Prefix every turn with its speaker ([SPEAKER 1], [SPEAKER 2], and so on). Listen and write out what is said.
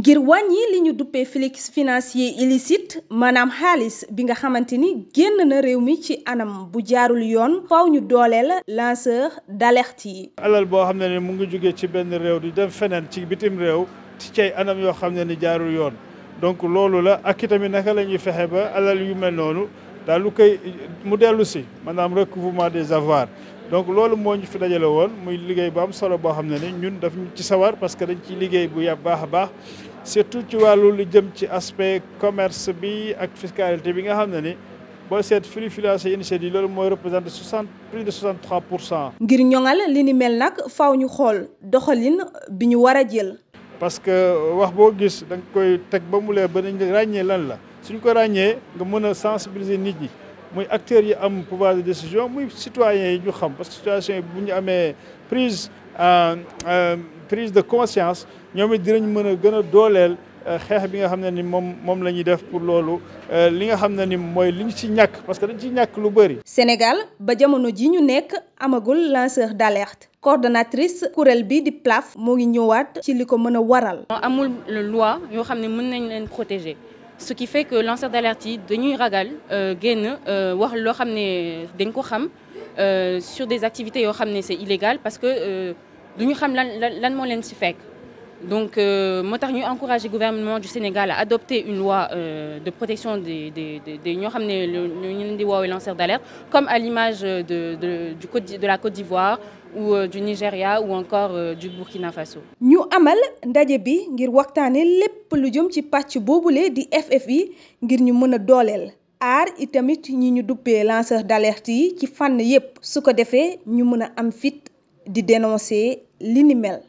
[SPEAKER 1] ngir wàññi li ñu duppee flux financier illicite maanaam xaalis bi nga xamante ni génn na réew mi ci anam bu jaarul yoon faw ñu dooleel
[SPEAKER 2] lanceur d'alerte yi alal boo xam ne ni mu ngi jóge ci benn réew di dem feneen ci bitim réew ci cay anam yoo xam ne ni jaarul yoon donc loolu la ak itamit naka la fexe ba alal yu mel noonu daal lu koy mu dellusi dellu si maanaam recouvrement des avoirs donc loolu moo ñu fi dajale woon muy liggéey bu am solo boo xam ne ni ñun daf ñu ci sawar parce que dañ ci liggéey bu yàb baax a baax surtout ci wàllu lu jëm ci aspect commerce bi ak fiscalité bi nga xam ne ni boo seet flux financier initial yi loolu mooy représenté 60 plus de 63 pour cent.
[SPEAKER 1] ngir ñoŋal li ni mel nag faaw ñu xool doxalin bi ñu war a jël.
[SPEAKER 2] parce que wax boo gis da nga koy teg ba mu leer ba nañ ràññee lan la suñ ko ràññee nga mën a sensibiliser nit ñi. muy acteurs yi am pouvoir de décision muy citoyens yi ñu xam parce que bu ñu amee prise euh, prise de conscience ñoom it dinañ mën a gën a dooleel euh, xeex bi nga xam ne ni moom moom la ñuy def pour loolu euh, li nga xam ne ni mooy li ñu ci ñàkk parce que ci ñàkk lu bëri.
[SPEAKER 1] Sénégal ba jamono ji ñu nekk amagul lanceur d'alerte coordonnatrice kuréel bi di PLAF moo ngi ñëwaat ci li ko mën a
[SPEAKER 3] waral. amul loi ñoo xam ne mën nañ leen protéger. ce qui fait que lanceur d'alerte yi dañuy ragal euh, génn euh, wax loo xam ne dañ ko xam euh, sur des activités yoo xam ne c'est illégal parce que du ñu xam lan lan moo leen ci fekk. donc moo tax ñu encourager gouvernement du Sénégal à adopter une loi euh, de protection des des des ñoo xam ne ñu leen di woowee lanceur d'alerte comme à l'image de de du Côte de la Côte d'Ivoire ou euh, du Nigeria ou encore euh, du Burkina Faso.
[SPEAKER 1] ñu amal ndaje bi ngir waxtaane lépp lu jëm ci pàcc le di FFI ngir ñu mën a dooleel aar itamit ñi ñu duppee lanceur d'alerte yi ci fànn yépp su ko defee ñu mën a am fit di dénoncer li mel.